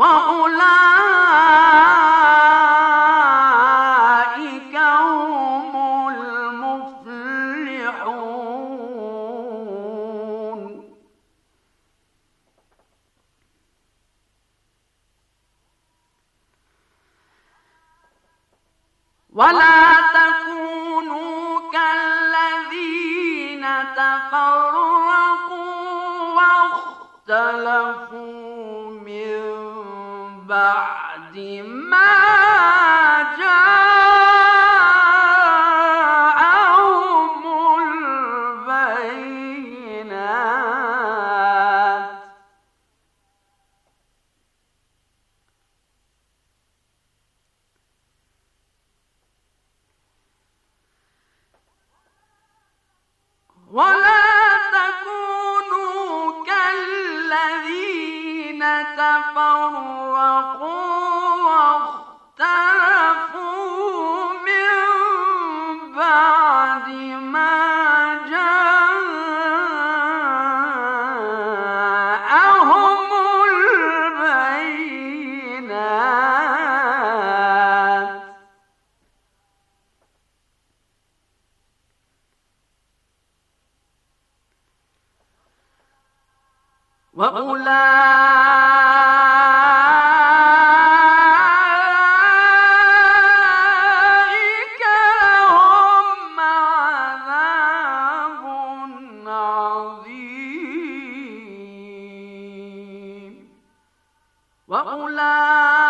وأولئك هم المفلحون ولا تكونوا كالذين تفرقوا واختلفوا من بعد ما جاءهم البينات ولا تكونوا كالذين تفرقوا وأولئك لهم عذاب عظيم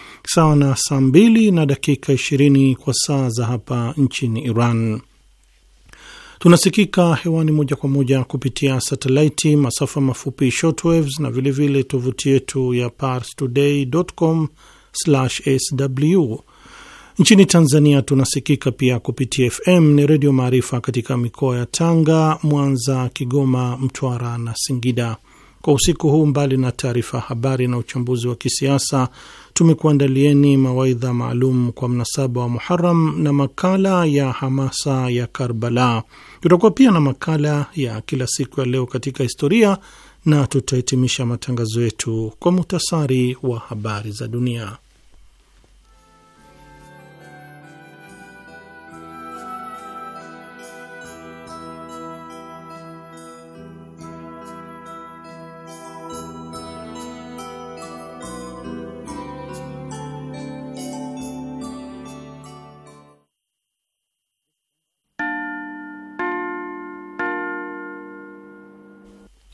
sawa na saa mbili na dakika 20 kwa saa za hapa nchini Iran. Tunasikika hewani moja kwa moja kupitia satelaiti, masafa mafupi shortwaves na vilevile tovuti yetu ya parstoday.com/sw. Nchini Tanzania tunasikika pia kupitia FM ni Redio Maarifa katika mikoa ya Tanga, Mwanza, Kigoma, Mtwara na Singida. Kwa usiku huu, mbali na taarifa habari na uchambuzi wa kisiasa tumekuandalieni mawaidha maalum kwa mnasaba wa Muharam na makala ya hamasa ya Karbala. Tutakuwa pia na makala ya kila siku ya leo katika historia na tutahitimisha matangazo yetu kwa muhtasari wa habari za dunia.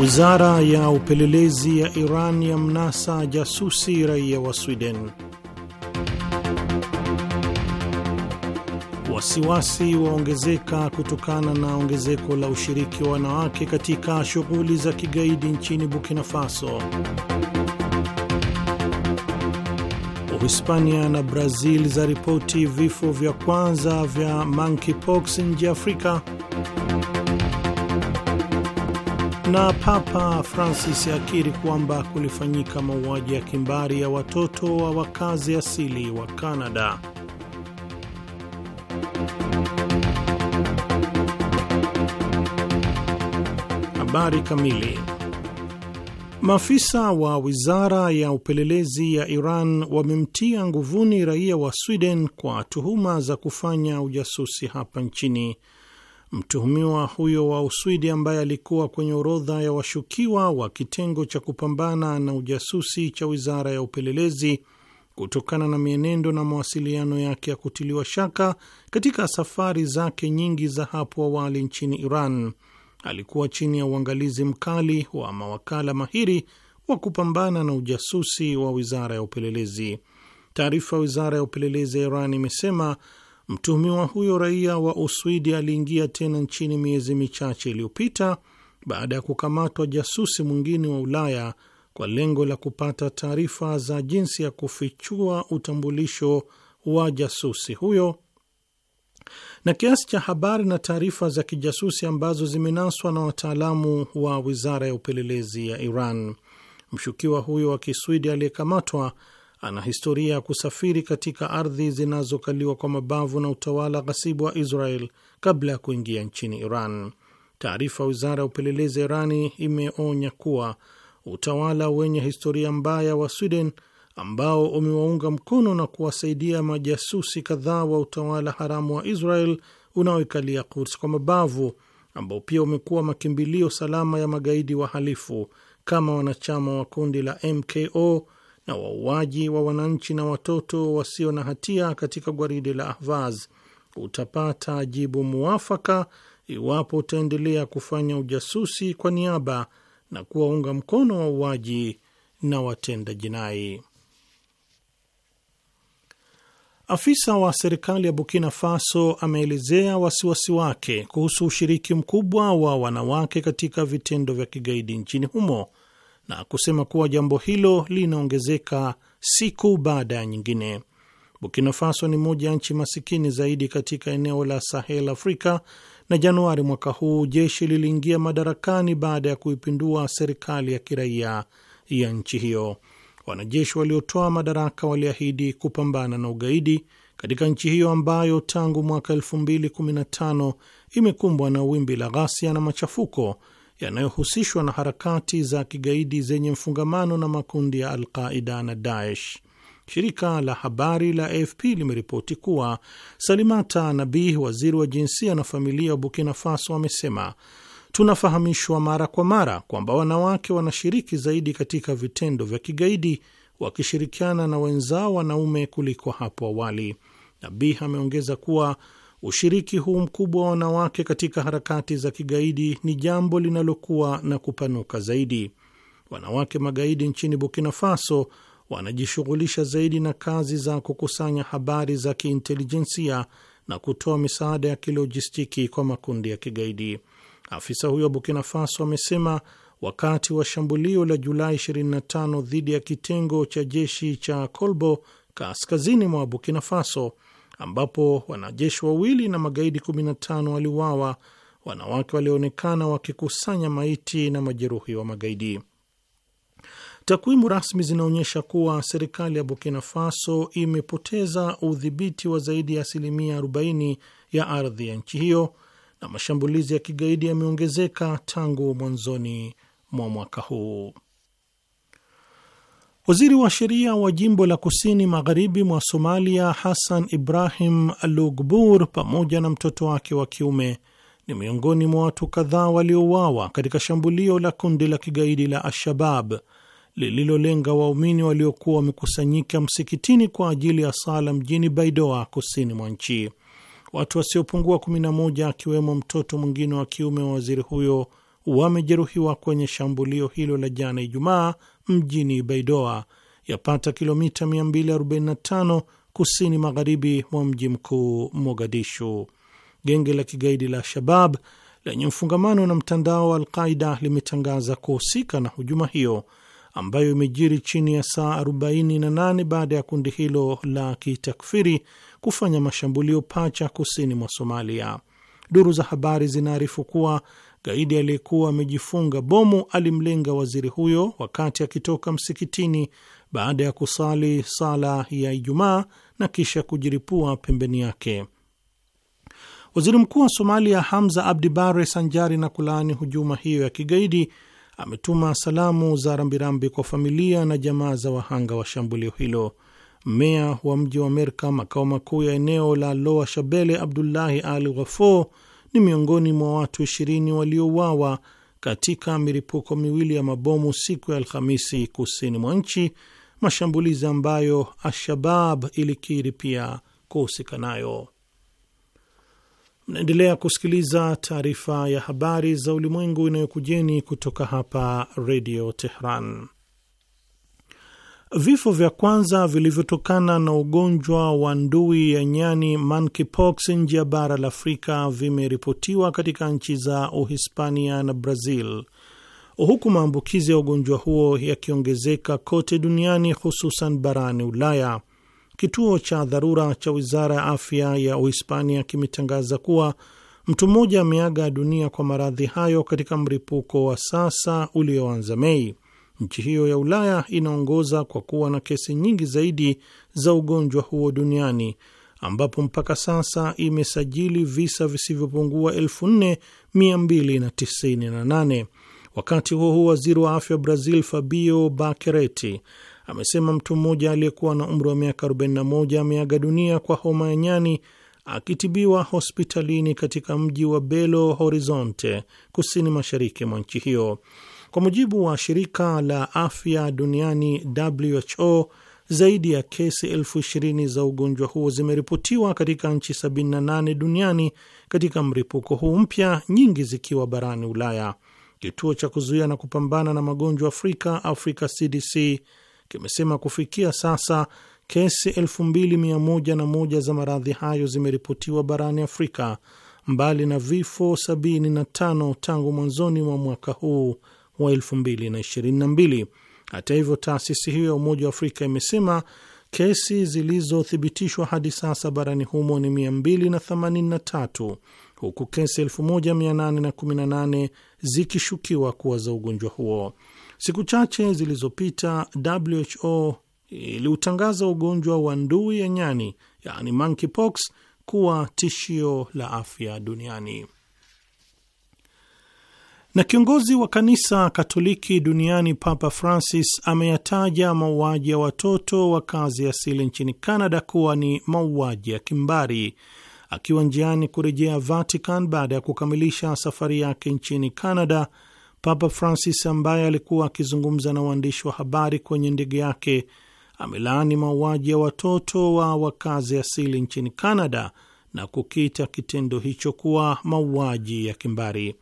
Wizara ya upelelezi ya Iran ya mnasa jasusi raia wa Sweden. Wasiwasi waongezeka kutokana na ongezeko la ushiriki wa wanawake katika shughuli za kigaidi nchini Burkina Faso. Uhispania na Brazil za ripoti vifo vya kwanza vya monkeypox nje Afrika na Papa Francis akiri kwamba kulifanyika mauaji ya kimbari ya watoto wa wakazi asili wa Kanada. Habari kamili. Maafisa wa wizara ya upelelezi ya Iran wamemtia nguvuni raia wa Sweden kwa tuhuma za kufanya ujasusi hapa nchini Mtuhumiwa huyo wa Uswidi ambaye alikuwa kwenye orodha ya washukiwa wa kitengo cha kupambana na ujasusi cha wizara ya upelelezi kutokana na mienendo na mawasiliano yake ya kutiliwa shaka katika safari zake nyingi za hapo awali nchini Iran, alikuwa chini ya uangalizi mkali wa mawakala mahiri wa kupambana na ujasusi wa wizara ya upelelezi. Taarifa ya wizara ya upelelezi ya Iran imesema Mtuhumiwa huyo raia wa Uswidi aliingia tena nchini miezi michache iliyopita baada ya kukamatwa jasusi mwingine wa Ulaya kwa lengo la kupata taarifa za jinsi ya kufichua utambulisho wa jasusi huyo na kiasi cha habari na taarifa za kijasusi ambazo zimenaswa na wataalamu wa wizara ya upelelezi ya Iran. Mshukiwa huyo wa Kiswidi aliyekamatwa ana historia ya kusafiri katika ardhi zinazokaliwa kwa mabavu na utawala ghasibu wa Israel kabla ya kuingia nchini Iran. Taarifa ya wizara ya upelelezi ya Irani imeonya kuwa utawala wenye historia mbaya wa Sweden ambao umewaunga mkono na kuwasaidia majasusi kadhaa wa utawala haramu wa Israel unaoikalia Quds kwa mabavu, ambao pia umekuwa makimbilio salama ya magaidi wahalifu kama wanachama wa kundi la MKO na wauaji wa wananchi na watoto wasio na hatia katika gwaridi la Ahvaz utapata jibu mwafaka iwapo utaendelea kufanya ujasusi kwa niaba na kuwaunga mkono wauaji na watenda jinai. Afisa wa serikali ya Burkina Faso ameelezea wasiwasi wake kuhusu ushiriki mkubwa wa wanawake katika vitendo vya kigaidi nchini humo na kusema kuwa jambo hilo linaongezeka siku baada ya nyingine. Burkina Faso ni moja ya nchi masikini zaidi katika eneo la Sahel Afrika, na Januari mwaka huu jeshi liliingia madarakani baada ya kuipindua serikali ya kiraia ya nchi hiyo. Wanajeshi waliotoa madaraka waliahidi kupambana na ugaidi katika nchi hiyo ambayo tangu mwaka 2015 imekumbwa na wimbi la ghasia na machafuko yanayohusishwa na harakati za kigaidi zenye mfungamano na makundi ya Alqaida na Daesh. Shirika la habari la AFP limeripoti kuwa Salimata Nabih, waziri wa jinsia na familia wa Burkina Faso, amesema tunafahamishwa mara kwa mara kwamba wanawake wanashiriki zaidi katika vitendo vya kigaidi wakishirikiana na wenzao wanaume kuliko hapo awali. Nabih ameongeza kuwa Ushiriki huu mkubwa wa wanawake katika harakati za kigaidi ni jambo linalokuwa na kupanuka zaidi. Wanawake magaidi nchini Burkina Faso wanajishughulisha zaidi na kazi za kukusanya habari za kiintelijensia na kutoa misaada ya kilojistiki kwa makundi ya kigaidi. Afisa huyo wa Burkina Faso amesema wakati wa shambulio la Julai 25 dhidi ya kitengo cha jeshi cha Kolbo kaskazini mwa Burkina Faso ambapo wanajeshi wawili na magaidi 15 waliuawa, wanawake walioonekana wakikusanya maiti na majeruhi wa magaidi. Takwimu rasmi zinaonyesha kuwa serikali ya Burkina Faso imepoteza udhibiti wa zaidi ya asilimia 40 ya ardhi ya nchi hiyo na mashambulizi ya kigaidi yameongezeka tangu mwanzoni mwa mwaka huu. Waziri wa sheria wa jimbo la kusini magharibi mwa Somalia, Hassan Ibrahim Lugbur, pamoja na mtoto wake wa kiume ni miongoni mwa watu kadhaa waliouawa katika shambulio la kundi la kigaidi la Al-Shabab lililolenga waumini waliokuwa wamekusanyika msikitini kwa ajili ya sala mjini Baidoa, kusini mwa nchi. Watu wasiopungua 11 akiwemo mtoto mwingine wa kiume wa waziri huyo wamejeruhiwa kwenye shambulio hilo la jana Ijumaa mjini Baidoa, yapata kilomita 245 kusini magharibi mwa mji mkuu Mogadishu. Genge la kigaidi la Shabab lenye mfungamano na mtandao wa Alqaida limetangaza kuhusika na hujuma hiyo ambayo imejiri chini ya saa 48 baada ya kundi hilo la kitakfiri kufanya mashambulio pacha kusini mwa Somalia. Duru za habari zinaarifu kuwa gaidi aliyekuwa amejifunga bomu alimlenga waziri huyo wakati akitoka msikitini baada ya kusali sala ya Ijumaa na kisha kujiripua pembeni yake. Waziri mkuu wa Somalia Hamza Abdi Bare, sanjari na kulaani hujuma hiyo ya kigaidi, ametuma salamu za rambirambi kwa familia na jamaa za wahanga wa shambulio hilo. Meya wa mji wa Merka, makao makuu ya eneo la Loa Shabele, Abdullahi Ali Ghafur ni miongoni mwa watu ishirini waliouawa katika milipuko miwili ya mabomu siku ya Alhamisi kusini mwa nchi, mashambulizi ambayo Alshabab ilikiri pia kuhusika nayo. Mnaendelea kusikiliza taarifa ya habari za ulimwengu inayokujeni kutoka hapa Redio Tehran. Vifo vya kwanza vilivyotokana na ugonjwa wa ndui ya nyani monkeypox nje ya bara la Afrika vimeripotiwa katika nchi za Uhispania na Brazil, huku maambukizi ya ugonjwa huo yakiongezeka kote duniani, hususan barani Ulaya. Kituo cha dharura cha wizara ya afya ya Uhispania kimetangaza kuwa mtu mmoja ameaga dunia kwa maradhi hayo katika mripuko wa sasa ulioanza Mei. Nchi hiyo ya Ulaya inaongoza kwa kuwa na kesi nyingi zaidi za ugonjwa huo duniani ambapo mpaka sasa imesajili visa visivyopungua 4298. Wakati huo huo, waziri wa afya wa Brazil Fabio bakereti amesema mtu mmoja aliyekuwa na umri wa miaka 41 ameaga dunia kwa homa ya nyani akitibiwa hospitalini katika mji wa Belo Horizonte kusini mashariki mwa nchi hiyo. Kwa mujibu wa shirika la afya duniani WHO, zaidi ya kesi elfu ishirini za ugonjwa huo zimeripotiwa katika nchi 78 duniani katika mlipuko huu mpya, nyingi zikiwa barani Ulaya. Kituo cha kuzuia na kupambana na magonjwa Afrika, Africa CDC, kimesema kufikia sasa kesi 2101 za maradhi hayo zimeripotiwa barani Afrika, mbali na vifo 75 tangu mwanzoni mwa mwaka huu wa 2022. Hata hivyo, taasisi hiyo ya Umoja wa Afrika imesema kesi zilizothibitishwa hadi sasa barani humo ni 283 huku kesi 1818 zikishukiwa kuwa za ugonjwa huo. Siku chache zilizopita WHO iliutangaza ugonjwa wa ndui ya nyani, yaani monkeypox, kuwa tishio la afya duniani. Na kiongozi wa kanisa Katoliki duniani Papa Francis ameyataja mauaji ya watoto wa kazi asili nchini Canada kuwa ni mauaji ya kimbari. Akiwa njiani kurejea Vatican baada ya kukamilisha safari yake nchini Canada, Papa Francis ambaye alikuwa akizungumza na waandishi wa habari kwenye ndege yake amelaani mauaji ya watoto wa wakazi asili nchini Canada na kukita kitendo hicho kuwa mauaji ya kimbari.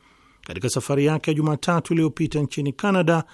Katika safari yake ya Jumatatu iliyopita nchini Canada,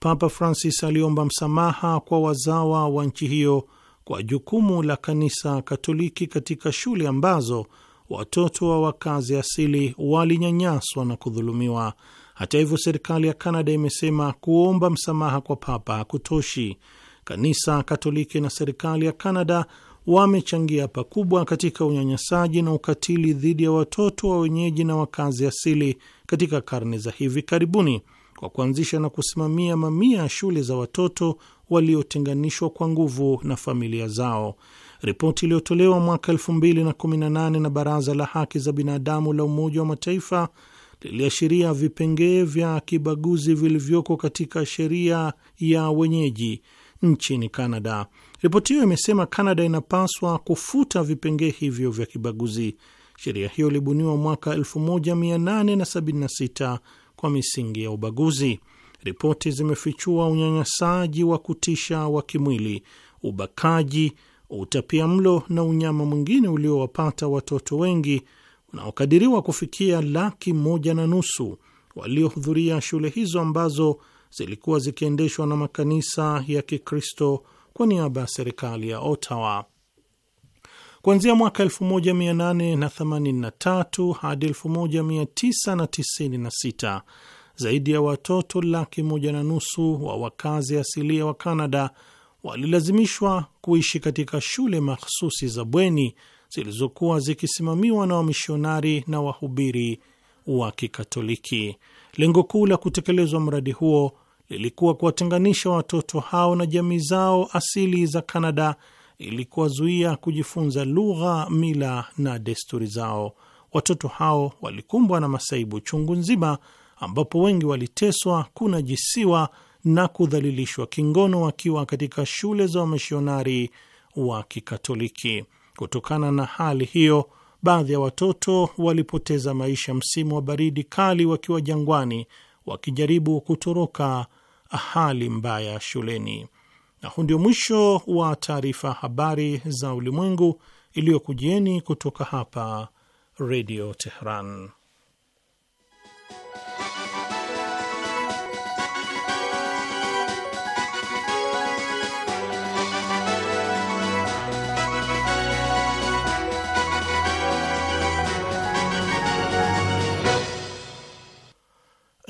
Papa Francis aliomba msamaha kwa wazawa wa nchi hiyo kwa jukumu la kanisa Katoliki katika shule ambazo watoto wa wakazi asili walinyanyaswa na kudhulumiwa. Hata hivyo, serikali ya canada imesema kuomba msamaha kwa papa hakutoshi. Kanisa Katoliki na serikali ya canada wamechangia pakubwa katika unyanyasaji na ukatili dhidi ya watoto wa wenyeji na wakazi asili katika karne za hivi karibuni kwa kuanzisha na kusimamia mamia ya shule za watoto waliotenganishwa kwa nguvu na familia zao. Ripoti iliyotolewa mwaka 2018 na Baraza la Haki za Binadamu la Umoja wa Mataifa liliashiria vipengee vya kibaguzi vilivyoko katika sheria ya wenyeji nchini Kanada. Ripoti hiyo imesema Kanada inapaswa kufuta vipengee hivyo vya kibaguzi. Sheria hiyo ilibuniwa mwaka 1876 kwa misingi ya ubaguzi. Ripoti zimefichua unyanyasaji wa kutisha wa kimwili, ubakaji, utapia mlo na unyama mwingine uliowapata watoto wengi unaokadiriwa kufikia laki moja na nusu waliohudhuria shule hizo ambazo zilikuwa zikiendeshwa na makanisa ya Kikristo kwa niaba ya serikali ya Ottawa. Kuanzia mwaka 1883 hadi 1996 zaidi ya watoto laki moja na nusu wa wakazi asilia wa canada walilazimishwa kuishi katika shule mahsusi za bweni zilizokuwa zikisimamiwa na wamishonari na wahubiri wa Kikatoliki. Lengo kuu la kutekelezwa mradi huo lilikuwa kuwatenganisha watoto hao na jamii zao asili za canada ili kuwazuia kujifunza lugha, mila na desturi zao. Watoto hao walikumbwa na masaibu chungu nzima, ambapo wengi waliteswa, kunajisiwa na kudhalilishwa kingono wakiwa katika shule za wamishonari wa Kikatoliki. Kutokana na hali hiyo, baadhi ya watoto walipoteza maisha msimu wa baridi kali wakiwa jangwani, wakijaribu kutoroka hali mbaya shuleni. Na huu ndio mwisho wa taarifa habari za ulimwengu iliyokujieni kutoka hapa Redio Teheran.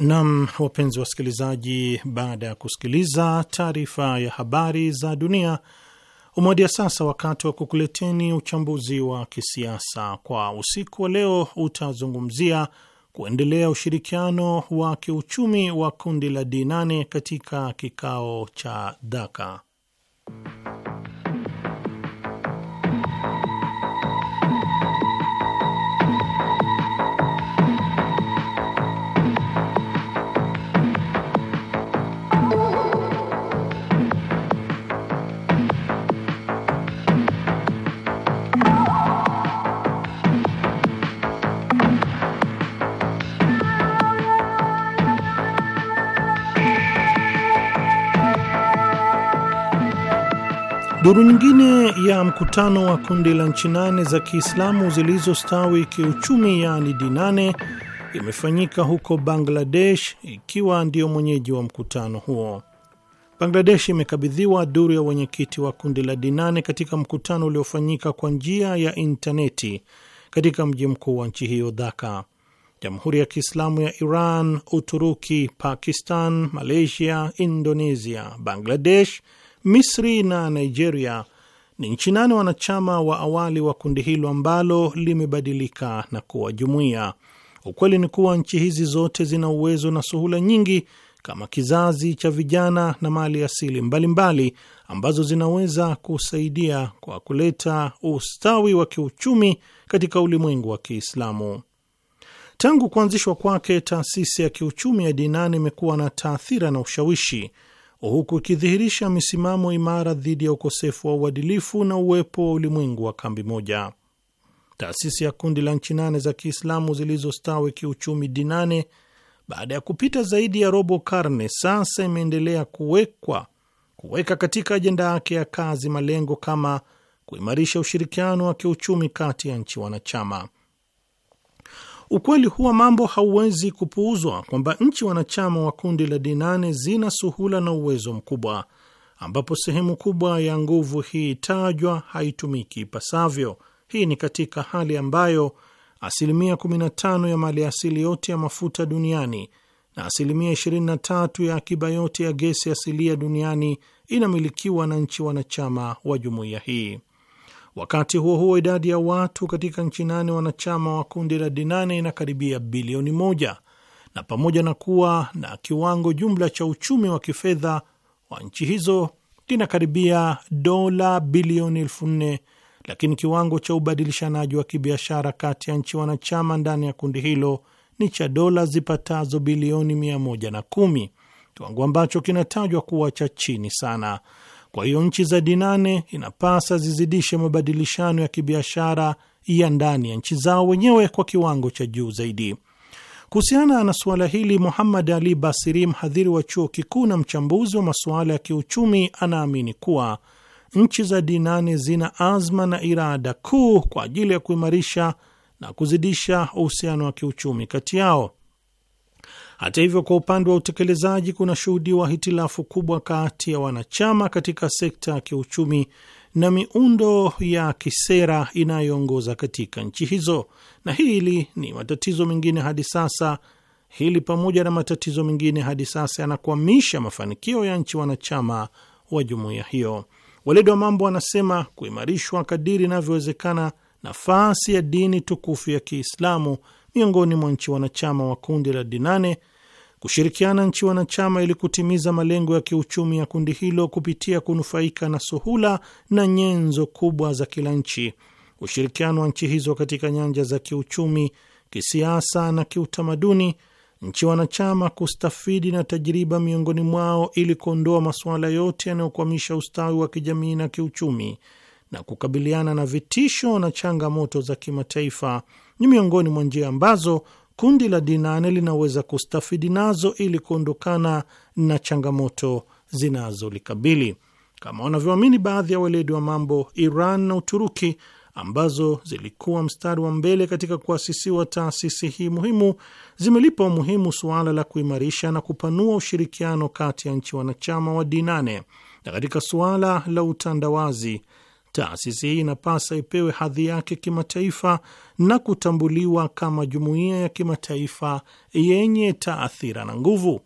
Nam, wapenzi wasikilizaji, baada ya kusikiliza taarifa ya habari za dunia, umewadia sasa wakati wa kukuleteni uchambuzi wa kisiasa kwa usiku wa leo. Utazungumzia kuendelea ushirikiano wa kiuchumi wa kundi la D8 katika kikao cha Dhaka. Duru nyingine ya mkutano wa kundi la nchi nane za Kiislamu zilizostawi kiuchumi yaani dinane imefanyika huko Bangladesh ikiwa ndiyo mwenyeji wa mkutano huo. Bangladesh imekabidhiwa duru ya wenyekiti wa kundi la Dinane katika mkutano uliofanyika kwa njia ya intaneti katika mji mkuu wa nchi hiyo Dhaka. Jamhuri ya Kiislamu ya Iran, Uturuki, Pakistan, Malaysia, Indonesia, Bangladesh Misri na Nigeria ni nchi nane wanachama wa awali wa kundi hilo ambalo limebadilika na kuwa jumuiya. Ukweli ni kuwa nchi hizi zote zina uwezo na suhula nyingi kama kizazi cha vijana na mali asili mbalimbali mbali, ambazo zinaweza kusaidia kwa kuleta ustawi wa kiuchumi katika ulimwengu wa Kiislamu. Tangu kuanzishwa kwake, taasisi ya kiuchumi ya dinani imekuwa na taathira na ushawishi huku ikidhihirisha misimamo imara dhidi ya ukosefu wa uadilifu na uwepo wa ulimwengu wa kambi moja. Taasisi ya kundi la nchi nane za Kiislamu zilizostawi kiuchumi Dinane, baada ya kupita zaidi ya robo karne, sasa imeendelea kuwekwa kuweka katika ajenda yake ya kazi malengo kama kuimarisha ushirikiano wa kiuchumi kati ya nchi wanachama Ukweli huwa mambo hauwezi kupuuzwa kwamba nchi wanachama wa kundi la D8 zina suhula na uwezo mkubwa, ambapo sehemu kubwa ya nguvu hii tajwa haitumiki ipasavyo. Hii ni katika hali ambayo asilimia 15 ya maliasili yote ya mafuta duniani na asilimia 23 ya akiba yote ya gesi asilia duniani inamilikiwa na nchi wanachama wa jumuiya hii. Wakati huo huo, idadi ya watu katika nchi nane wanachama wa kundi la D8 inakaribia bilioni moja, na pamoja na kuwa na kiwango jumla cha uchumi wa kifedha wa nchi hizo linakaribia dola bilioni elfu nne lakini kiwango cha ubadilishanaji wa kibiashara kati ya nchi wanachama ndani ya kundi hilo ni cha dola zipatazo bilioni mia moja na kumi, kiwango ambacho kinatajwa kuwa cha chini sana. Kwa hiyo nchi za dinane inapasa zizidishe mabadilishano ya kibiashara ya ndani ya nchi zao wenyewe kwa kiwango cha juu zaidi. Kuhusiana na suala hili, Muhammad Ali Basiri, mhadhiri wa chuo kikuu na mchambuzi wa masuala ya kiuchumi, anaamini kuwa nchi za dinane zina azma na irada kuu kwa ajili ya kuimarisha na kuzidisha uhusiano wa kiuchumi kati yao. Hata hivyo, kwa upande wa utekelezaji kunashuhudiwa hitilafu kubwa kati ya wanachama katika sekta ya kiuchumi na miundo ya kisera inayoongoza katika nchi hizo, na hili ni matatizo mengine hadi sasa. Hili pamoja na matatizo mengine hadi sasa yanakwamisha mafanikio ya nchi wanachama wa jumuiya hiyo. Weledi wa mambo wanasema kuimarishwa kadiri inavyowezekana nafasi ya dini tukufu ya Kiislamu miongoni mwa nchi wanachama wa kundi la dinane kushirikiana nchi wanachama ili kutimiza malengo ya kiuchumi ya kundi hilo kupitia kunufaika na suhula na nyenzo kubwa za kila nchi. Ushirikiano wa nchi hizo katika nyanja za kiuchumi, kisiasa na kiutamaduni, nchi wanachama kustafidi na tajiriba miongoni mwao ili kuondoa masuala yote yanayokwamisha ustawi wa kijamii na kiuchumi na kukabiliana na vitisho na changamoto za kimataifa ni miongoni mwa njia ambazo kundi la D8 linaweza kustafidi nazo ili kuondokana na changamoto zinazolikabili kama wanavyoamini baadhi ya weledi wa mambo, Iran na Uturuki ambazo zilikuwa mstari wa mbele katika kuasisiwa taasisi hii muhimu zimelipa umuhimu suala la kuimarisha na kupanua ushirikiano kati ya nchi wanachama wa D8 na katika suala la utandawazi Taasisi hii inapasa ipewe hadhi yake kimataifa na kutambuliwa kama jumuiya ya kimataifa yenye taathira na nguvu.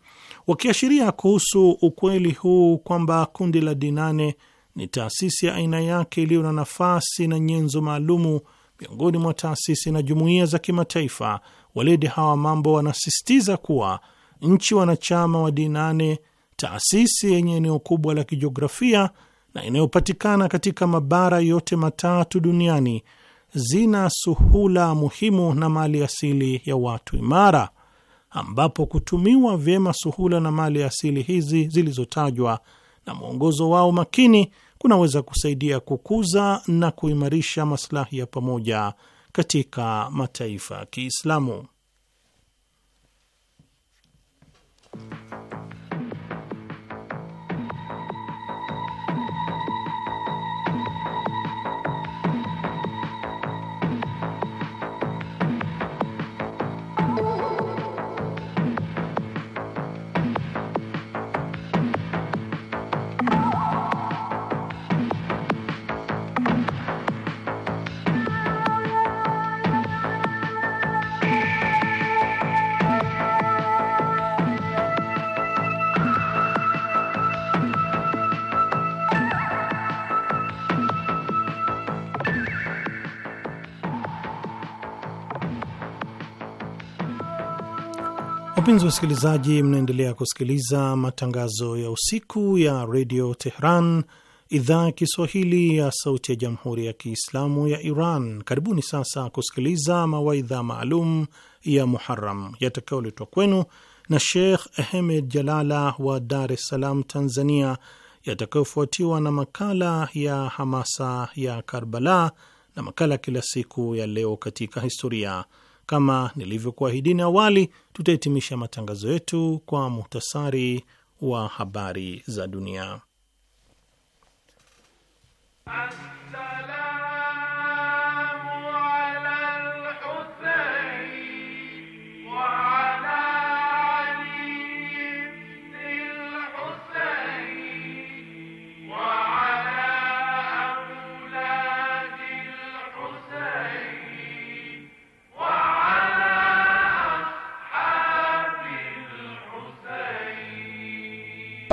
Wakiashiria kuhusu ukweli huu kwamba kundi la Dinane ni taasisi ya aina yake iliyo na nafasi na nyenzo maalumu miongoni mwa taasisi na jumuiya za kimataifa, waledi hawa mambo wanasisitiza kuwa nchi wanachama wa Dinane, taasisi yenye eneo kubwa la kijiografia na inayopatikana katika mabara yote matatu duniani zina suhula muhimu na mali asili ya watu imara, ambapo kutumiwa vyema suhula na mali asili hizi zilizotajwa na mwongozo wao makini kunaweza kusaidia kukuza na kuimarisha maslahi ya pamoja katika mataifa ya Kiislamu. Wapenzi wasikilizaji, mnaendelea kusikiliza matangazo ya usiku ya redio Tehran, idhaa ya Kiswahili ya sauti ya jamhuri ya Kiislamu ya Iran. Karibuni sasa kusikiliza mawaidha maalum ya Muharam yatakayoletwa kwenu na Sheikh Ahmed Jalala wa Dar es Salaam, Tanzania, yatakayofuatiwa na makala ya hamasa ya Karbala na makala kila siku ya leo katika historia kama nilivyokuahidini awali, tutahitimisha matangazo yetu kwa muhtasari wa habari za dunia. Asala.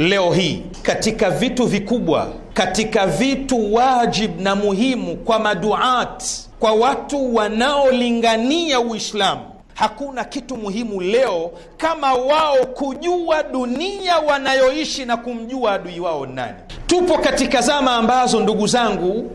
leo hii katika vitu vikubwa, katika vitu wajib na muhimu kwa maduat, kwa watu wanaolingania Uislamu, hakuna kitu muhimu leo kama wao kujua dunia wanayoishi na kumjua adui wao nani. Tupo katika zama ambazo, ndugu zangu,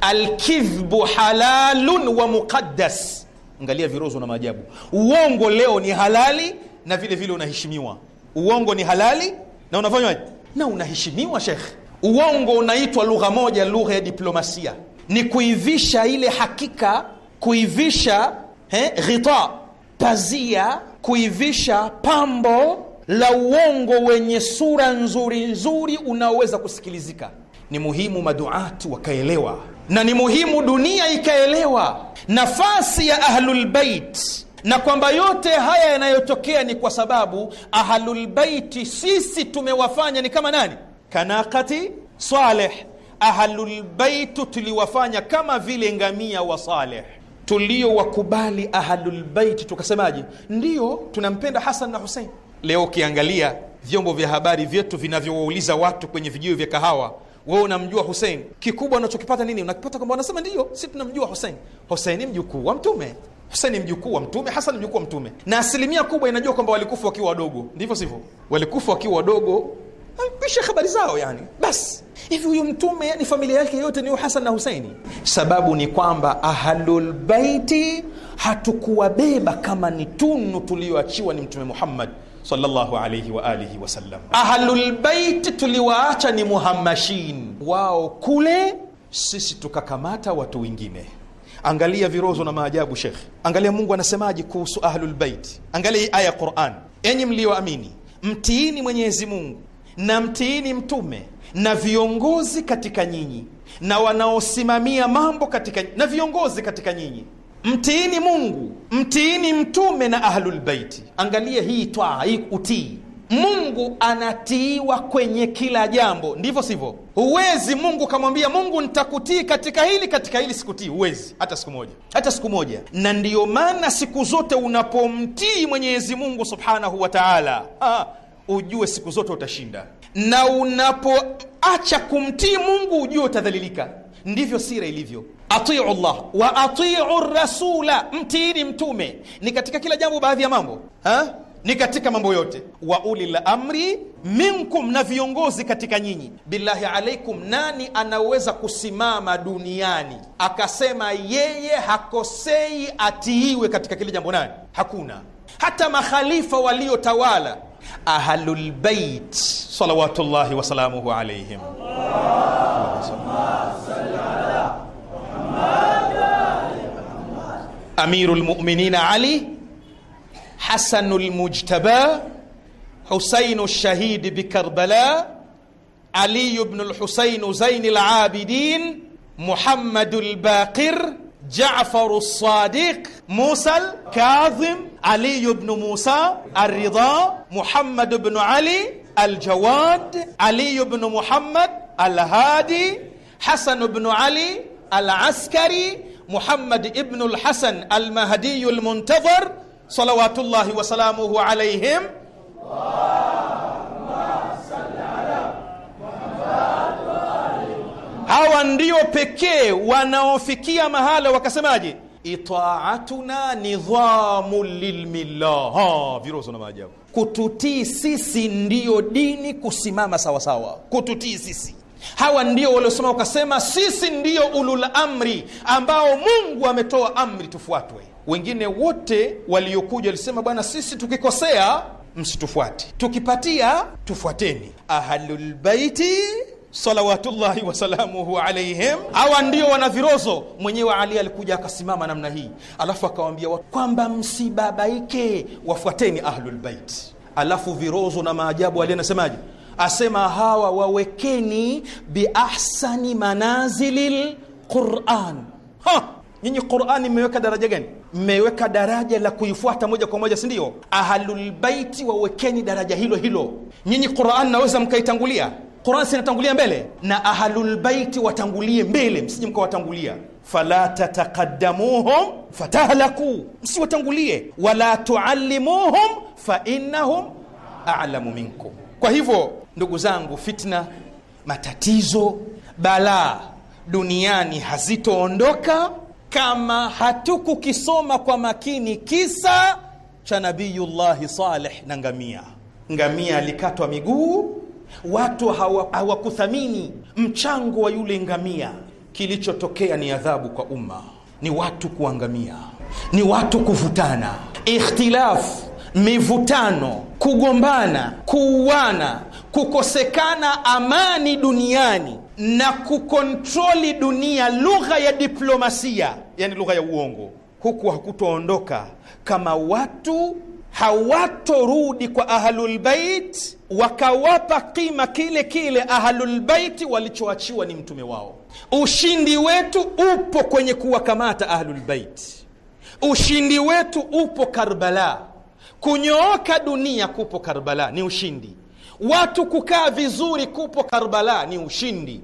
alkidhbu halalun wa muqaddas. Angalia virozo na maajabu. Uongo leo ni halali na vile vile unaheshimiwa. Uongo ni halali na unafanywaje na unaheshimiwa shekh Uongo unaitwa lugha moja, lugha ya diplomasia ni kuivisha ile hakika, kuivisha he, eh, ghita pazia, kuivisha pambo la uongo wenye sura nzuri nzuri unaoweza kusikilizika. Ni muhimu maduatu wakaelewa, na ni muhimu dunia ikaelewa nafasi ya Ahlulbeit na kwamba yote haya yanayotokea ni kwa sababu ahlulbaiti sisi tumewafanya ni kama nani? Kanakati Saleh. Ahlulbaitu tuliwafanya kama vile ngamia wa Saleh, tuliowakubali ahlulbaiti tukasemaje? Ndiyo, tunampenda Hasan na Husein. Leo ukiangalia vyombo vya habari vyetu vinavyowauliza watu kwenye vijio vya kahawa wewe unamjua Hussein? Kikubwa unachokipata nini? Unakipata kwamba wanasema ndio si tunamjua Hussein. Hussein ni mjukuu wa Mtume, Hussein ni mjukuu wa Mtume, Hassan mjukuu wa Mtume, na asilimia kubwa inajua kwamba walikufa wakiwa wadogo, ndivyo sivyo? Walikufa wakiwa wadogo, kisha habari zao yani. Basi hivi huyu Mtume, yani familia yake yote ni Hasan na Huseini. Sababu ni kwamba ahlulbaiti hatukuwabeba kama ni tunu tuliyoachiwa ni Mtume Muhammad sallallahu alayhi wa alihi wasallam. Ahlulbaiti tuliwaacha ni muhammashin wao kule, sisi tukakamata watu wengine Angalia virozo na maajabu, Shekh. Angalia Mungu anasemaje kuhusu ahlulbaiti angalia hii aya ya Quran: enyi mlioamini, mtiini Mwenyezi Mungu na mtiini mtume na viongozi katika nyinyi na wanaosimamia mambo katika na viongozi katika nyinyi. Mtiini Mungu, mtiini mtume na ahlulbeiti Angalia hii twaa, hii utii Mungu anatiiwa kwenye kila jambo, ndivyo sivyo? Huwezi Mungu kamwambia Mungu, nitakutii katika hili, katika hili sikutii. Huwezi hata siku moja, hata siku moja. Na ndiyo maana siku zote unapomtii Mwenyezi Mungu subhanahu wa taala, ujue siku zote utashinda, na unapoacha kumtii Mungu ujue utadhalilika. Ndivyo sira ilivyo. Atiu llah wa atiu rasula, mtiini mtume. Ni katika kila jambo, baadhi ya mambo ha? ni katika mambo yote. Wa ulil amri minkum, na viongozi katika nyinyi. Billahi alaikum, nani anaweza kusimama duniani akasema yeye hakosei atiiwe katika kile jambo? Nani? Hakuna. Hata makhalifa waliotawala Ahlulbeit salawatullahi wasalamuhu alaihim Amirul Ali حسن المجتبى حسين الشهيد بكربلاء علي بن الحسين زين العابدين محمد الباقر جعفر الصادق موسى الكاظم علي بن موسى الرضا محمد بن علي الجواد علي بن محمد الهادي حسن بن علي العسكري محمد ابن الحسن المهدي المنتظر salawatullahi wasalamuhu alaihim hawa ndio pekee wanaofikia mahala wakasemaje, itaatuna nidhamu lilmillah. Viroso na maajabu, kututii sisi ndiyo dini kusimama sawasawa, kututii sisi. Hawa ndio waliosema wakasema, sisi ndiyo ulul amri ambao Mungu ametoa amri tufuatwe. Wengine wote waliokuja walisema, bwana, sisi tukikosea msitufuati tukipatia tufuateni. Ahlulbaiti salawatullahi wasalamuhu alaihim, hawa ndio wana virozo. Mwenyewe Ali alikuja akasimama namna hii, alafu akawambia watu kwamba msibabaike, wafuateni ahlulbaiti. Alafu virozo na maajabu, Ali anasemaje? Asema hawa wawekeni biahsani manazili lquran nyinyi Qur'ani mmeweka daraja gani? Mmeweka daraja la kuifuata moja kwa moja, si ndio? Ahlulbaiti wawekeni daraja hilo hilo. Nyinyi Qur'ani naweza mkaitangulia Qur'ani, sinatangulia mbele na ahlulbaiti watangulie mbele, msije mkawatangulia fala tataqaddamuhum fatahlaku, msiwatangulie wala tuallimuhum fa innahum a'lamu minkum. Kwa hivyo ndugu zangu, fitna, matatizo, balaa duniani hazitoondoka kama hatukukisoma kwa makini kisa cha Nabiyullahi Saleh na ngamia. Ngamia alikatwa miguu, watu hawakuthamini hawa mchango wa yule ngamia. Kilichotokea ni adhabu kwa umma, ni watu kuangamia, ni watu kuvutana, ikhtilafu, mivutano, kugombana, kuuana, kukosekana amani duniani na kukontroli dunia, lugha ya diplomasia, yani lugha ya uongo, huku hakutoondoka kama watu hawatorudi kwa Ahlulbeit wakawapa kima kile kile Ahlulbeiti walichoachiwa ni mtume wao. Ushindi wetu upo kwenye kuwakamata Ahlulbeiti. Ushindi wetu upo Karbala. Kunyooka dunia kupo Karbala, ni ushindi. Watu kukaa vizuri kupo Karbala, ni ushindi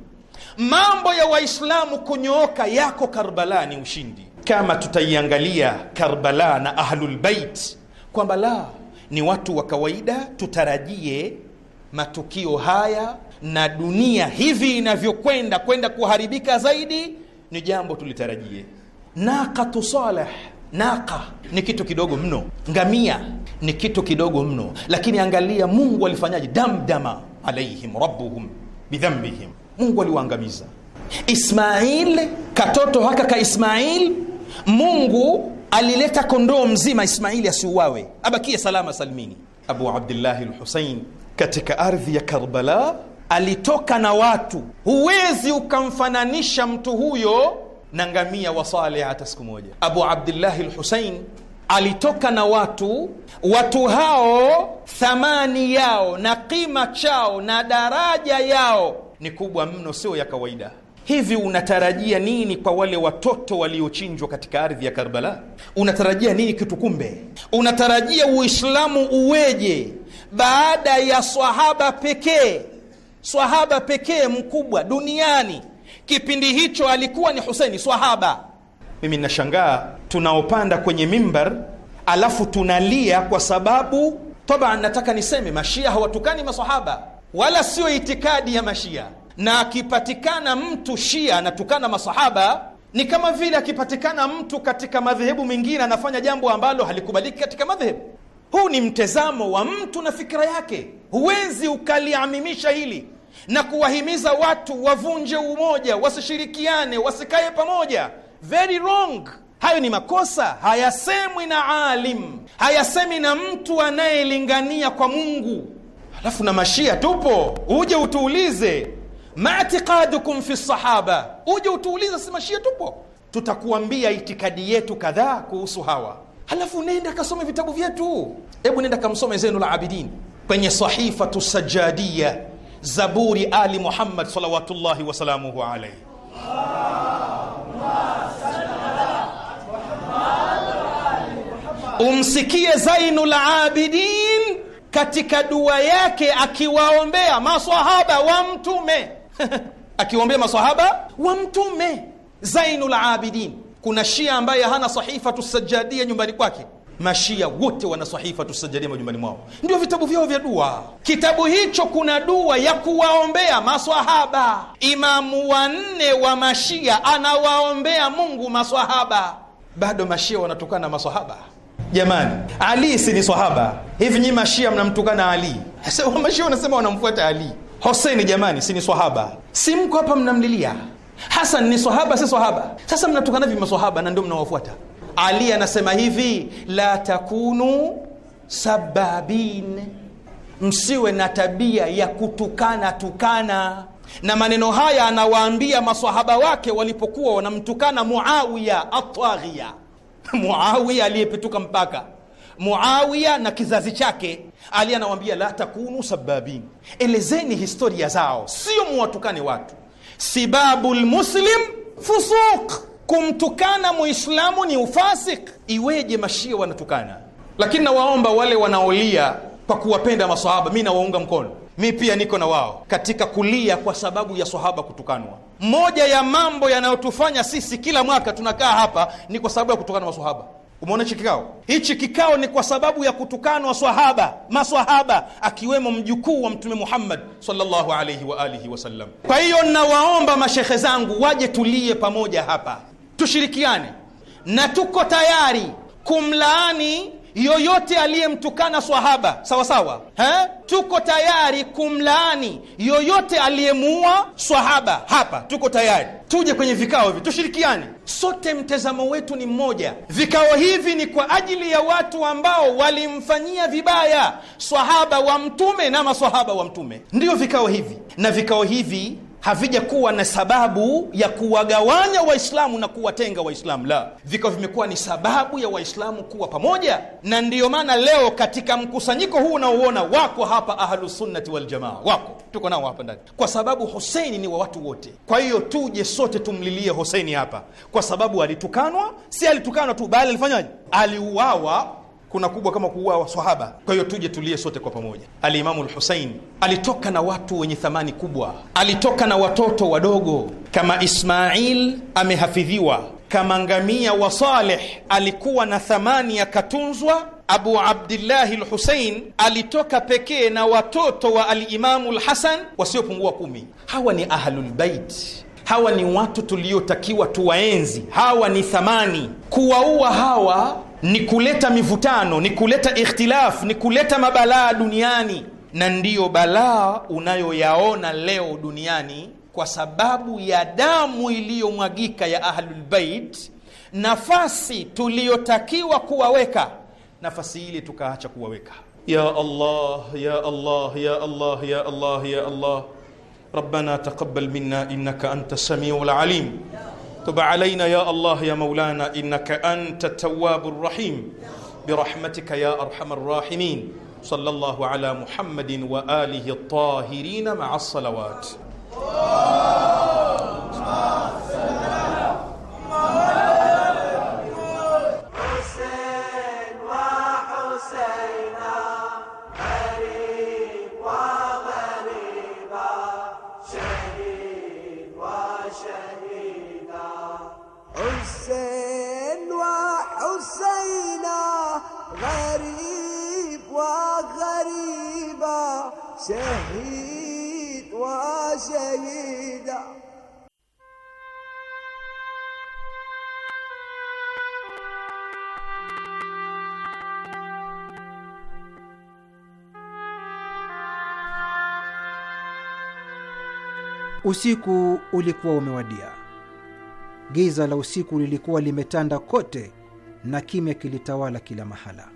mambo ya Waislamu kunyooka yako Karbala ni ushindi. Kama tutaiangalia Karbala na Ahlulbeit kwamba la ni watu wa kawaida, tutarajie matukio haya na dunia hivi inavyokwenda kwenda kuharibika zaidi, ni jambo tulitarajie. Naqatu Saleh, naqa ni kitu kidogo mno, ngamia ni kitu kidogo mno, lakini angalia Mungu alifanyaje, damdama alaihim rabbuhum bidhambihim Mungu aliwaangamiza. Ismail katoto haka ka Ismail, Mungu alileta kondoo mzima Ismaili asiuawe, abakie salama salmini. Abu Abdillahi Lhusein katika ardhi ya Karbala alitoka na watu, huwezi ukamfananisha mtu huyo na ngamia wa Saleh hata siku moja. Abu Abdillahi Lhusein alitoka na watu, watu hao thamani yao na kima chao na daraja yao ni kubwa mno, sio ya kawaida. Hivi unatarajia nini kwa wale watoto waliochinjwa katika ardhi ya Karbala? Unatarajia nini kitu? Kumbe unatarajia Uislamu uweje baada ya swahaba pekee, swahaba pekee mkubwa duniani kipindi hicho alikuwa ni huseni swahaba. Mimi nashangaa tunaopanda kwenye mimbar alafu tunalia kwa sababu, taban, nataka niseme mashia hawatukani maswahaba wala sio itikadi ya Mashia. Na akipatikana mtu Shia anatukana masahaba, ni kama vile akipatikana mtu katika madhehebu mengine anafanya jambo ambalo halikubaliki katika madhehebu. Huu ni mtazamo wa mtu na fikira yake, huwezi ukaliamimisha hili na kuwahimiza watu wavunje umoja, wasishirikiane, wasikaye pamoja. Very wrong. Hayo ni makosa, hayasemwi na alim, hayasemi na mtu anayelingania kwa Mungu alafu na mashia tupo, uje utuulize matiqadukum fi sahaba, uje utuulize, si mashia tupo, tutakuambia itikadi yetu kadhaa kuhusu hawa. Halafu nenda kasome vitabu vyetu, hebu nenda kamsome Zainul Abidin kwenye Sahifatu Sajadia, Zaburi Ali Muhammad salawatullahi wasalamuhu alaihi umsikie Zainul Abidin katika dua yake akiwaombea maswahaba wa Mtume akiwaombea maswahaba wa Mtume Zainul Abidin. Kuna Shia ambaye hana sahifa tusajadia nyumbani kwake. Mashia wote wana sahifa tusajadia majumbani mwao, ndio vitabu vyao vya dua. Kitabu hicho kuna dua ya kuwaombea maswahaba. Imamu wanne wa Mashia anawaombea Mungu maswahaba, bado Mashia na maswahaba. Jamani, Ali si ni sahaba? Hivi nyi mashia mnamtukana Ali? Sasa mashia wanasema wanamfuata Ali. Hoseni jamani, si ni swahaba? Si mko hapa mnamlilia Hasan ni swahaba, si swahaba? Sasa mnatukana vi maswahaba na ndio mnawafuata? Ali anasema hivi, la takunu sababin, msiwe na tabia ya kutukana tukana. Na maneno haya anawaambia maswahaba wake walipokuwa wanamtukana Muawiya atwaghia. Muawiya aliyepituka mpaka Muawiya na kizazi chake, Ali anawambia la takunu sababin, elezeni historia zao, sio muwatukane watu. Sibabu lmuslim fusuq, kumtukana muislamu ni ufasik. Iweje mashia wanatukana? Lakini nawaomba wale wanaolia kwa kuwapenda masahaba, mi nawaunga mkono, mi pia niko na wao katika kulia kwa sababu ya sahaba kutukanwa moja ya mambo yanayotufanya sisi kila mwaka tunakaa hapa ni kwa sababu ya kutokana maswahaba. Umeona hichi kikao, hichi kikao ni kwa sababu ya kutukanwa swahaba, maswahaba akiwemo mjukuu wa Mtume Muhammad sallallahu alaihi wa alihi wasallam. Kwa hiyo nawaomba mashehe zangu waje tulie pamoja hapa, tushirikiane na tuko tayari kumlaani yoyote aliyemtukana swahaba sawa sawa, ha? Tuko tayari kumlaani yoyote aliyemuua swahaba hapa, tuko tayari tuje kwenye vikao hivi tushirikiane sote, mtazamo wetu ni mmoja. Vikao hivi ni kwa ajili ya watu ambao walimfanyia vibaya swahaba wa Mtume na maswahaba wa Mtume, ndio vikao hivi na vikao hivi havijakuwa na sababu ya kuwagawanya Waislamu na kuwatenga Waislamu, la, vikawa vimekuwa ni sababu ya Waislamu kuwa pamoja. Na ndiyo maana leo katika mkusanyiko huu unaouona wako hapa Ahlusunnati Waljamaa, wako tuko nao hapa ndani, kwa sababu Hoseini ni wa watu wote. Kwa hiyo tuje sote tumlilie Hoseini hapa, kwa sababu alitukanwa, si alitukanwa tu, bali alifanyaje? Aliuawa kuna kubwa kama kuua waswahaba. Kwa hiyo tuje tulie sote kwa pamoja. Alimamu Lhusein alitoka na watu wenye thamani kubwa, alitoka na watoto wadogo kama Ismail amehafidhiwa, kama ngamia wa Saleh alikuwa na thamani akatunzwa. Abu Abdillahi Lhusein alitoka pekee na watoto wa Alimamu Lhasan wasiopungua kumi. Hawa ni Ahlulbait. Hawa ni watu tuliotakiwa tuwaenzi. Hawa ni thamani. Kuwaua hawa ni kuleta mivutano, ni kuleta ikhtilafu ni kuleta mabalaa duniani, na ndiyo balaa unayoyaona leo duniani kwa sababu ya damu iliyomwagika ya Ahlulbeit. Nafasi tuliyotakiwa kuwaweka, nafasi ile tukaacha kuwaweka. Ya Allah, ya Allah, ya Allah, ya Allah, ya Allah, rabbana taqabbal minna innaka anta lsamiu lalim تب علينا يا الله يا مولانا إنك أنت التواب الرحيم برحمتك يا أرحم الراحمين صلى الله على محمد وآله الطاهرين مع الصلوات Usiku ulikuwa umewadia. Giza la usiku lilikuwa limetanda kote na kimya kilitawala kila mahala.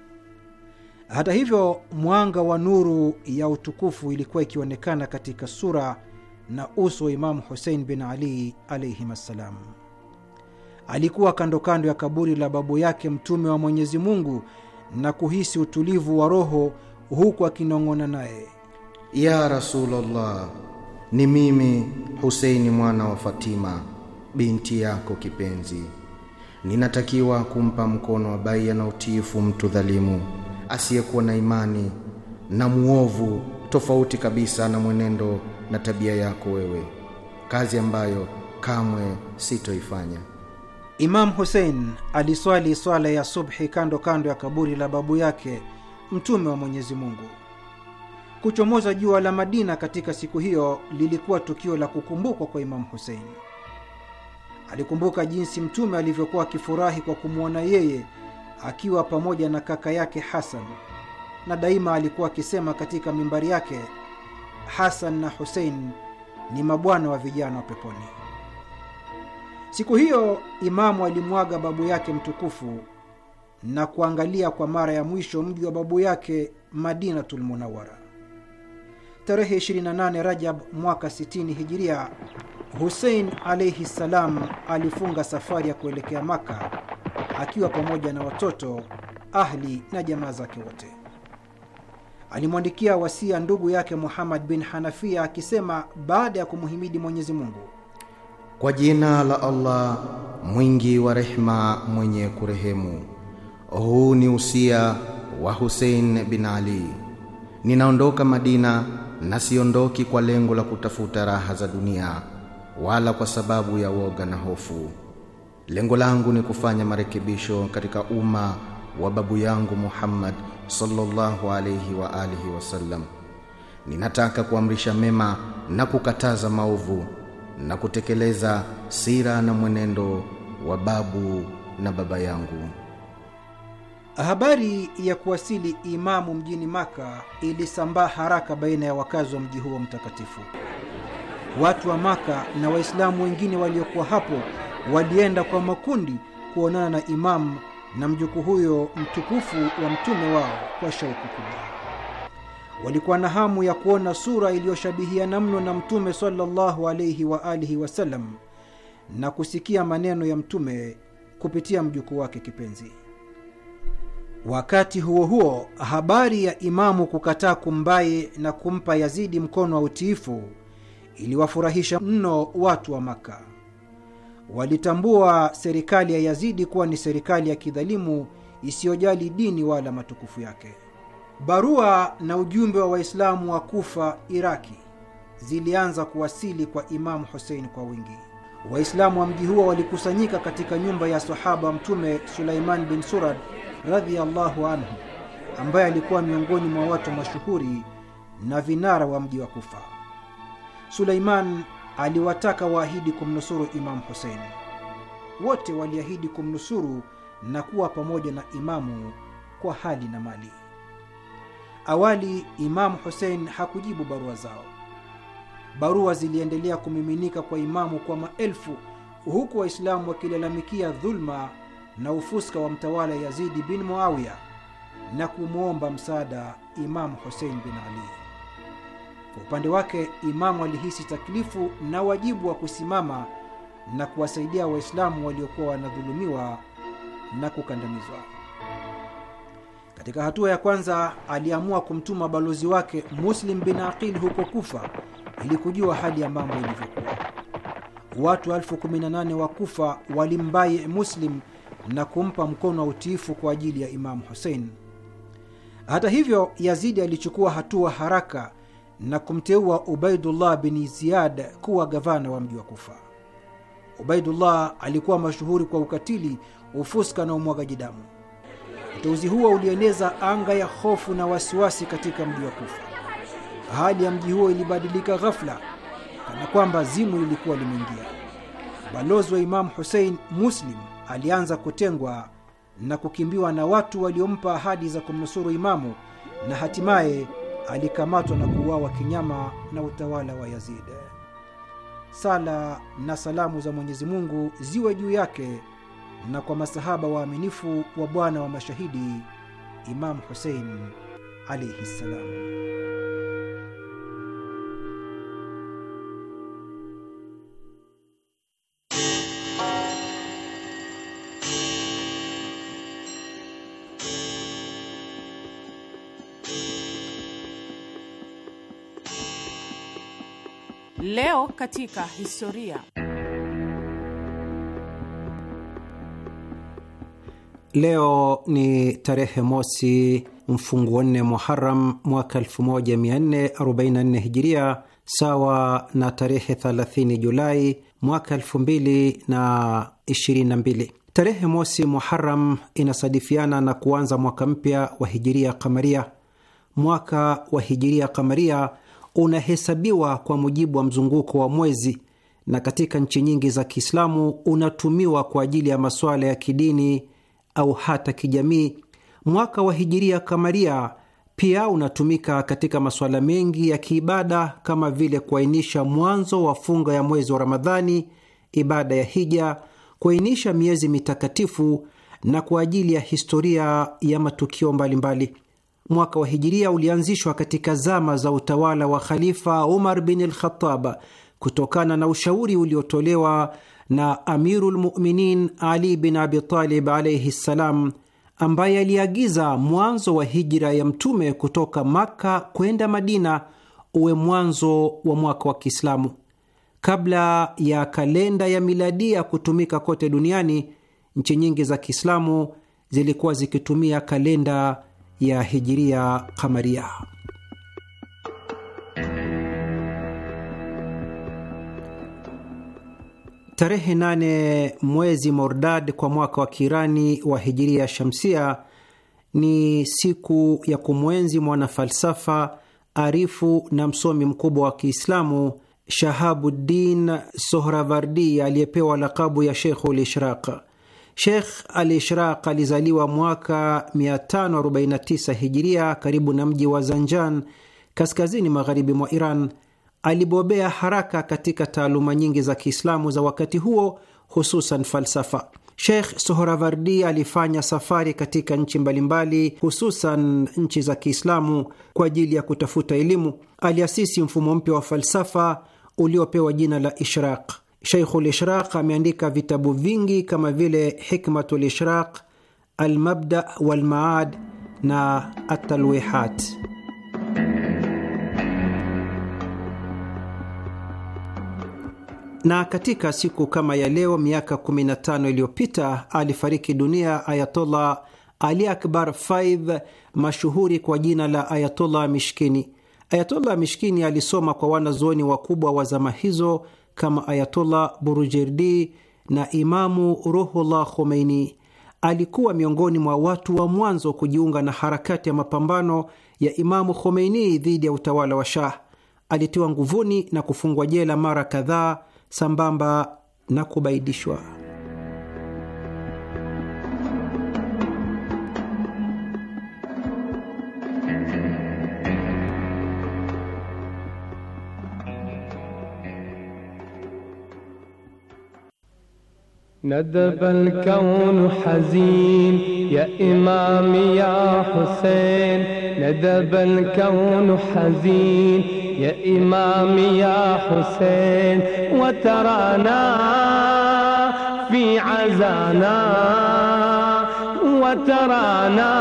Hata hivyo, mwanga wa nuru ya utukufu ilikuwa ikionekana katika sura na uso wa Imamu Husein bin Ali alaihim assalam. Alikuwa kando kando ya kaburi la babu yake Mtume wa Mwenyezi Mungu na kuhisi utulivu wa roho, huku akinong'ona naye, ya Rasulullah ni mimi Huseini mwana wa Fatima binti yako kipenzi, ninatakiwa kumpa mkono wa baia na utiifu mtu dhalimu asiyekuwa na imani na muovu, tofauti kabisa na mwenendo na tabia yako wewe, kazi ambayo kamwe sitoifanya. Imamu Husein aliswali swala ya subhi kando kando ya kaburi la babu yake Mtume wa Mwenyezi Mungu. Kuchomoza jua la Madina katika siku hiyo lilikuwa tukio la kukumbukwa kwa Imamu Husein. Alikumbuka jinsi Mtume alivyokuwa akifurahi kwa kumwona yeye akiwa pamoja na kaka yake Hasan, na daima alikuwa akisema katika mimbari yake, Hasan na Husein ni mabwana wa vijana wa peponi. Siku hiyo Imamu alimwaga babu yake mtukufu na kuangalia kwa mara ya mwisho mji wa babu yake Madinatul Munawara tarehe 28 Rajab mwaka 60 Hijiria, Husein alaihi ssalam alifunga safari ya kuelekea Maka akiwa pamoja na watoto, ahli na jamaa zake wote. Alimwandikia wasia ndugu yake Muhammad bin Hanafia akisema, baada ya kumhimidi Mwenyezi Mungu: kwa jina la Allah mwingi wa rehma, mwenye kurehemu. Huu ni usia wa Husein bin Ali. Ninaondoka Madina na siondoki kwa lengo la kutafuta raha za dunia wala kwa sababu ya woga na hofu. Lengo langu ni kufanya marekebisho katika umma wa babu yangu Muhammad sallallahu alayhi wa alihi wasallam. Ninataka kuamrisha mema na kukataza maovu na kutekeleza sira na mwenendo wa babu na baba yangu. Habari ya kuwasili Imamu mjini Maka ilisambaa haraka baina ya wakazi wa mji huo mtakatifu. Watu wa Maka na Waislamu wengine waliokuwa hapo walienda kwa makundi kuonana na Imamu na mjukuu huyo mtukufu wa mtume wao kwa shauku kubwa. Walikuwa na hamu ya kuona sura iliyoshabihiana mno na Mtume sallallahu alaihi wa alihi wasallam na kusikia maneno ya Mtume kupitia mjukuu wake kipenzi. Wakati huo huo, habari ya Imamu kukataa kumbai na kumpa Yazidi mkono wa utiifu iliwafurahisha mno watu wa maka Walitambua serikali ya Yazidi kuwa ni serikali ya kidhalimu isiyojali dini wala matukufu yake. Barua na ujumbe wa Waislamu wa Kufa, Iraki, zilianza kuwasili kwa Imamu Husein kwa wingi. Waislamu wa mji huo walikusanyika katika nyumba ya sahaba Mtume Sulaiman bin Surad radhiyallahu anhu ambaye alikuwa miongoni mwa watu mashuhuri na vinara wa mji wa Kufa. Sulaiman aliwataka waahidi kumnusuru Imamu Husein. Wote waliahidi kumnusuru na kuwa pamoja na Imamu kwa hali na mali. Awali Imamu Husein hakujibu barua zao. Barua ziliendelea kumiminika kwa imamu kwa maelfu, huku Waislamu wakilalamikia dhulma na ufuska wa mtawala Yazidi bin Muawiya na kumwomba msaada Imamu Husein bin Ali. Kwa upande wake, imamu alihisi taklifu na wajibu wa kusimama na kuwasaidia Waislamu waliokuwa wanadhulumiwa na kukandamizwa. Katika hatua ya kwanza, aliamua kumtuma balozi wake Muslim bin Aqil huko Kufa ili kujua hali ya mambo ilivyokuwa. Watu elfu kumi na nane wa Kufa walimbaye Muslim na kumpa mkono wa utiifu kwa ajili ya Imamu Husein. Hata hivyo, Yazidi alichukua hatua haraka na kumteua Ubaidullah bin Ziyad kuwa gavana wa mji wa Kufa. Ubaidullah alikuwa mashuhuri kwa ukatili, ufuska na umwagaji damu. Uteuzi huo ulieneza anga ya hofu na wasiwasi katika mji wa Kufa hali ya mji huo ilibadilika ghafla, kana kwamba zimu lilikuwa limeingia. Balozi wa Imamu Husein Muslim alianza kutengwa na kukimbiwa na watu waliompa ahadi za kumnusuru Imamu, na hatimaye alikamatwa na kuuawa kinyama na utawala wa Yazid. Sala na salamu za Mwenyezi Mungu ziwe juu yake na kwa masahaba waaminifu wa bwana wa mashahidi Imamu Husein alaihi ssalam. Leo katika historia. Leo ni tarehe mosi mfunguo nne Muharam mwaka 1444 Hijiria, sawa na tarehe 30 Julai mwaka 2022. Tarehe mosi Muharam inasadifiana na kuanza mwaka mpya wa Hijiria Kamaria. Mwaka wa Hijiria Kamaria unahesabiwa kwa mujibu wa mzunguko wa mwezi na katika nchi nyingi za Kiislamu unatumiwa kwa ajili ya masuala ya kidini au hata kijamii. Mwaka wa hijiria kamaria pia unatumika katika masuala mengi ya kiibada kama vile kuainisha mwanzo wa funga ya mwezi wa Ramadhani, ibada ya hija, kuainisha miezi mitakatifu na kwa ajili ya historia ya matukio mbalimbali mbali mwaka wa hijiria ulianzishwa katika zama za utawala wa Khalifa Umar bin lkhatab kutokana na ushauri uliotolewa na amirulmuminin Ali bin Abitalib alaihi ssalam, ambaye aliagiza mwanzo wa hijra ya Mtume kutoka Makka kwenda Madina uwe mwanzo wa mwaka wa Kiislamu. Kabla ya kalenda ya miladia kutumika kote duniani, nchi nyingi za Kiislamu zilikuwa zikitumia kalenda ya hijiria kamaria. Tarehe nane mwezi Mordad kwa mwaka wa Kiirani wa hijiria shamsia ni siku ya kumwenzi mwanafalsafa arifu na msomi mkubwa wa Kiislamu Shahabuddin Sohravardi aliyepewa lakabu ya Sheikhul Ishraq. Sheikh Al Ishraq alizaliwa mwaka 549 hijiria karibu na mji wa Zanjan kaskazini magharibi mwa Iran. Alibobea haraka katika taaluma nyingi za Kiislamu za wakati huo, hususan falsafa. Sheikh sohoravardi alifanya safari katika nchi mbalimbali, hususan nchi za Kiislamu kwa ajili ya kutafuta elimu. Aliasisi mfumo mpya wa falsafa uliopewa jina la Ishraq. Sheikhul Ishraq ameandika vitabu vingi kama vile Hikmatul Ishraq, Almabda Walmaad na Atalwihat. Na katika siku kama ya leo miaka 15 iliyopita alifariki dunia Ayatollah Ali Akbar Faidh, mashuhuri kwa jina la Ayatollah Mishkini. Ayatollah Mishkini alisoma kwa wanazuoni wakubwa wa zama hizo kama Ayatollah Burujerdi na Imamu Ruhullah Khomeini. Alikuwa miongoni mwa watu wa mwanzo kujiunga na harakati ya mapambano ya Imamu Khomeini dhidi ya utawala wa Shah. Alitiwa nguvuni na kufungwa jela mara kadhaa sambamba na kubaidishwa. ندب الكون حزين يا إمام يا حسين ندب الكون حزين يا إمام يا حسين وترانا في عزانا وترانا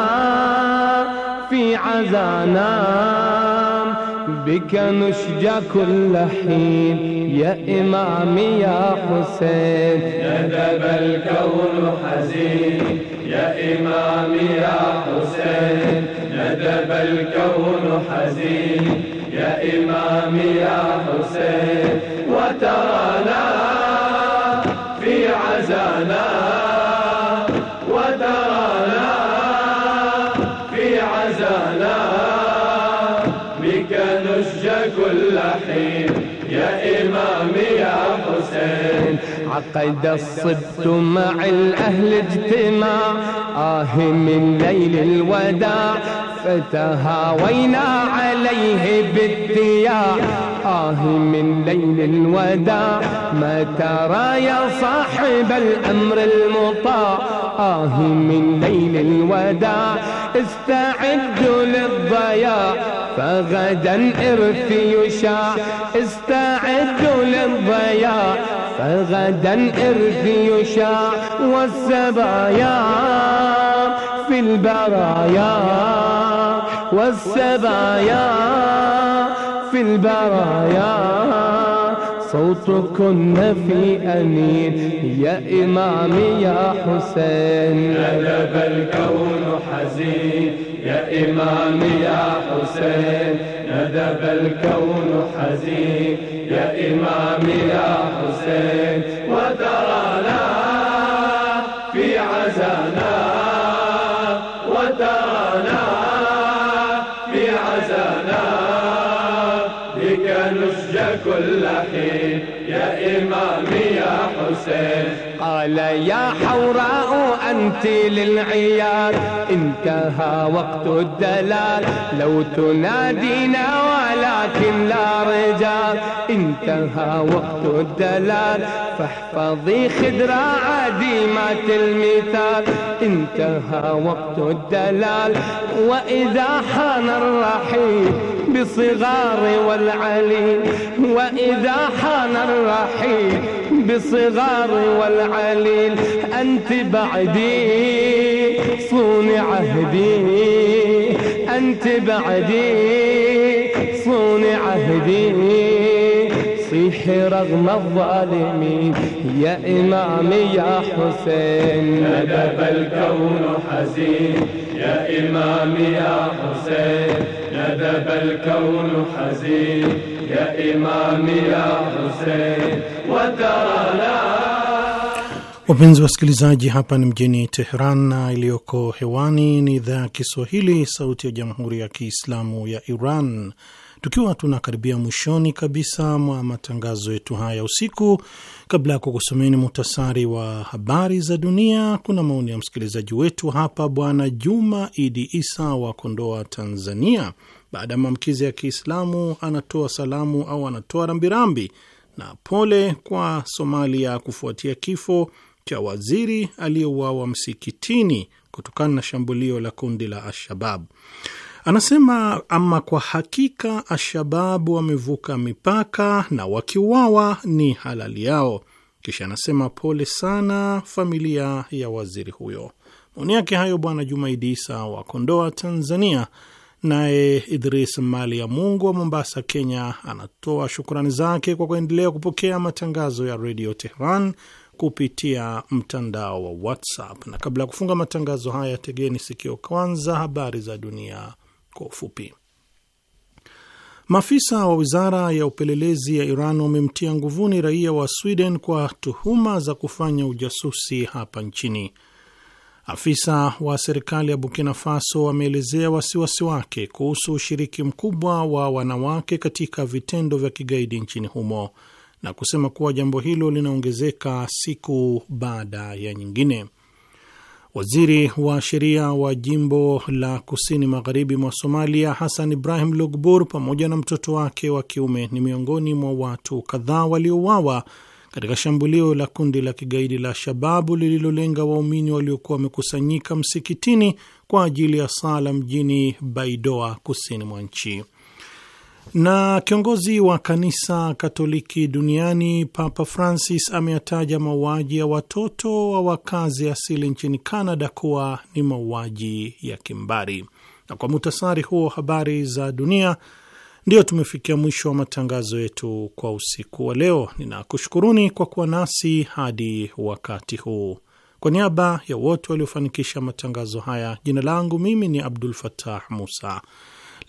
في عزانا بك نشجى كل حين يا إمام يا حسين يا دب الكون حزين يا إمام يا حسين يا دب الكون حزين يا إمام يا حسين وترى عقد الصبت مع الأهل اجتماع آه من ليل الوداع فتهاوينا عليه بالدياع آه من ليل الوداع ما ترى يا صاحب الأمر المطاع آه من ليل الوداع استعدوا للضياع فغدا إرثي يشاع استعدوا للضياع فغدا إرثي يشاع والسبايا في البرايا والسبايا في البرايا صوتكن في أنين يا إمام يا حسين قلب الكون حزين يا إمام يا حسين ندب الكون حزين يا إمام يا حسين ودرى قال يا حوراء أنت للعيار انتهى وقت الدلال لو تنادينا ولكن لا رجال انتهى وقت الدلال فاحفظي خدر عديمة المثال انتهى وقت الدلال وإذا حان الرحيل بصغار والعلي وإذا حان الرحيل بالصغار والعليل أنت بعدي صون عهدي أنت بعدي صون عهدي يصيح رغم الظالمين يا إمام يا حسين ندب الكون حزين يا إمام يا حسين ندب الكون حزين يا إمام يا حسين وترانا Wapenzi wasikilizaji, hapa ni mjini Teheran na iliyoko hewani ni idhaa ya Kiswahili, sauti ya jamhuri ya kiislamu ya Iran. Tukiwa tunakaribia mwishoni kabisa mwa matangazo yetu haya usiku, kabla ya kukusomeni muhtasari wa habari za dunia, kuna maoni ya msikilizaji wetu hapa, Bwana Juma Idi Isa wa Kondoa, Tanzania. Baada ya maamkizi ya Kiislamu anatoa salamu au anatoa rambirambi na pole kwa Somalia kufuatia kifo cha waziri aliyeuawa msikitini kutokana na shambulio la kundi la Alshabab. Anasema ama kwa hakika ashababu wamevuka mipaka na wakiuawa ni halali yao. Kisha anasema pole sana familia ya waziri huyo. Maoni yake hayo Bwana Jumaidi Isa wa Kondoa, Tanzania. Naye Idris Mali ya Mungu wa Mombasa, Kenya, anatoa shukrani zake kwa kuendelea kupokea matangazo ya redio Tehran kupitia mtandao wa WhatsApp. Na kabla ya kufunga matangazo haya, tegeni sikio kwanza habari za dunia kwa ufupi. Maafisa wa wizara ya upelelezi ya Iran wamemtia nguvuni raia wa Sweden kwa tuhuma za kufanya ujasusi hapa nchini. Afisa wa serikali ya Burkina Faso ameelezea wasiwasi wake kuhusu ushiriki mkubwa wa wanawake katika vitendo vya kigaidi nchini humo na kusema kuwa jambo hilo linaongezeka siku baada ya nyingine. Waziri wa sheria wa jimbo la kusini magharibi mwa Somalia, Hassan Ibrahim Lugbur, pamoja na mtoto wake wa kiume ni miongoni mwa watu kadhaa waliouawa katika shambulio la kundi la kigaidi la Shababu lililolenga waumini waliokuwa wamekusanyika msikitini kwa ajili ya sala mjini Baidoa, kusini mwa nchi. Na kiongozi wa kanisa Katoliki duniani Papa Francis ameyataja mauaji ya watoto wa wakazi asili nchini canada kuwa ni mauaji ya kimbari. Na kwa muhtasari huo habari za dunia, ndiyo tumefikia mwisho wa matangazo yetu kwa usiku wa leo. Ninakushukuruni kwa kuwa nasi hadi wakati huu. Kwa niaba ya wote waliofanikisha matangazo haya, jina langu mimi ni Abdul fatah Musa.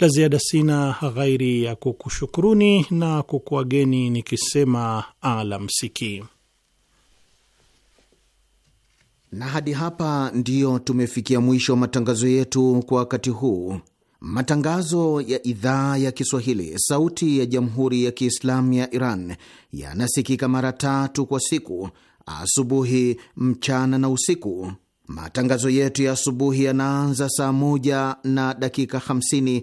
La ziada sina ghairi ya kukushukuruni na kukuageni nikisema alamsiki. Na hadi hapa ndiyo tumefikia mwisho wa matangazo yetu kwa wakati huu. Matangazo ya idhaa ya Kiswahili sauti ya jamhuri ya Kiislamu ya Iran yanasikika mara tatu kwa siku: asubuhi, mchana na usiku. Matangazo yetu ya asubuhi yanaanza saa moja na dakika 50